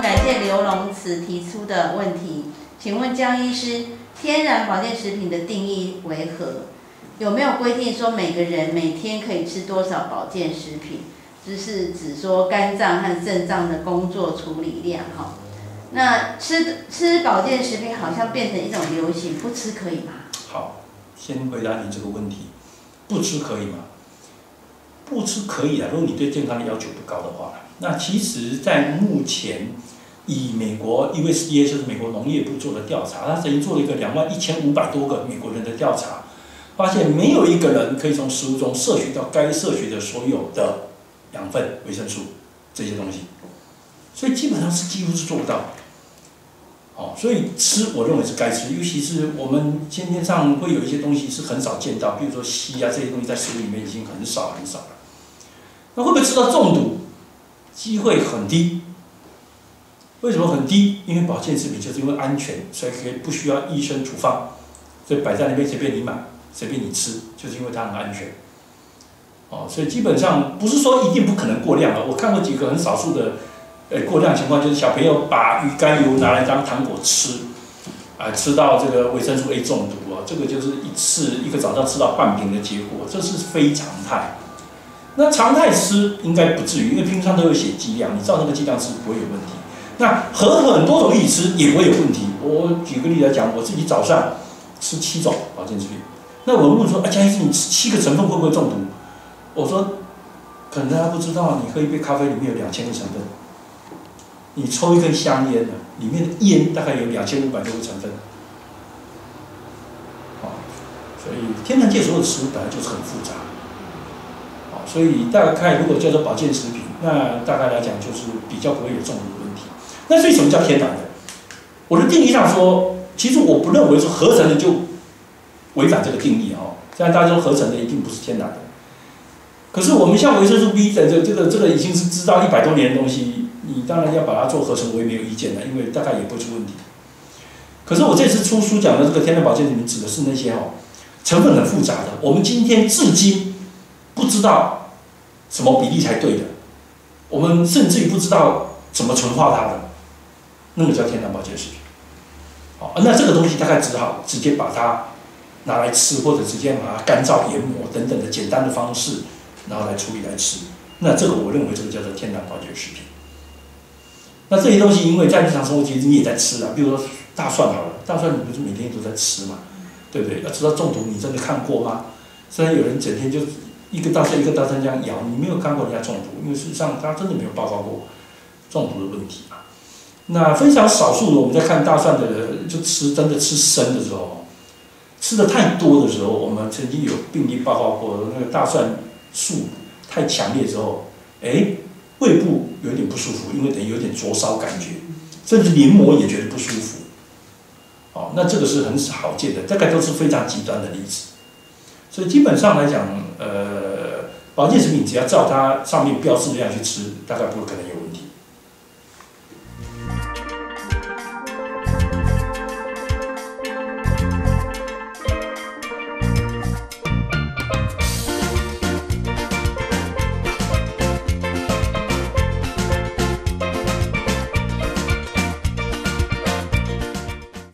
感謝劉龍慈提出的問題，請問江醫師，天然保健食品的定義為何？有沒有規定說每個人每天可以吃多少保健食品？只是指說肝臟和腎臟的工作處理量哈？那吃吃保健食品好像變成一種流行，不吃可以嗎？好，先回答你這個問題，不吃可以嗎？嗯不吃可以啊，如果你對健康的要求不高的話。那其實，在目前，以美國 USDA 就是美國農業部做的調查，他曾經做了一個兩萬一千五百多個美國人的調查，發現沒有一個人可以從食物中攝取到該攝取的所有的養分、維生素這些東西，所以基本上是幾乎是做不到的。哦，所以吃我認為是該吃，尤其是我們今天上會有一些東西是很少見到，比如說硒啊這些東西在食物裡面已經很少很少了。那會不會吃到中毒？機會很低。為什麼很低？因為保健食品就是因為安全，所以可以不需要醫生處方，所以擺在那邊隨便你買，隨便你吃，就是因為它很安全。哦，所以基本上不是說一定不可能過量啊、哦。我看過幾個很少數的，呃，過量情況就是小朋友把魚肝油拿來當糖果吃，啊、呃，吃到這個維生素 A 中毒啊、哦，這個就是一次一個早上吃到半瓶的結果，這是非常態。那常態吃應該不至於，因為平常都有寫劑量，你照那個劑量吃不會有問題。那很很多種一吃也不會有問題。我舉個例子來講，我自己早上吃七種保健食品。那我問說，啊，江醫師，你吃七個成分會不會中毒？我說，可能大家不知道，你喝一杯咖啡裡面有兩千個成分，你抽一根香菸，裡面的菸大概有兩千五百多個成分。啊，所以天然界所有的食物本來就是很複雜。所以大概如果叫做保健食品，那大概來講就是比較不會有中毒的問題。那所以什麼叫天然的？我的定義上說，其實我不認為說合成的就違反這個定義哦。像大家說合成的一定不是天然的，可是我們像維生素 B 等這這個這個已經是知道一百多年的東西，你當然要把它做合成，我也沒有意見了，因為大概也不會出問題。可是我這次出書講的這個天然保健裡面指的是那些哦成分很複雜的，我們今天至今不知道，什麼比例才對的？我們甚至於不知道怎麼純化它的，那個叫天然保健食品。好、哦，那這個東西大概只好直接把它拿來吃，或者直接把它乾燥研磨等等的簡單的方式，然後來處理來吃。那這個我認為這個叫做天然保健食品。那這些東西因為在日常生活其實你也在吃啊，比如說大蒜好了，大蒜你不是每天都在吃嘛？對不對？要知道中毒，你真的看過嗎？雖然有人整天就。一個大蒜一個大蒜這樣咬，你沒有看過人家中毒，因為事實上他真的沒有報告過中毒的問題嘛。那非常少數的我們在看大蒜的人，就吃真的吃生的時候，吃的太多的時候，我們曾經有病例報告過，那個大蒜素太強烈之後，哎，胃部有點不舒服，因為等於有點灼燒感覺，甚至黏膜也覺得不舒服。哦，那這個是很少見的，大概都是非常極端的例子。所以基本上來講。呃，保健食品只要照它上面標示的量去吃，大概不會可能有問題。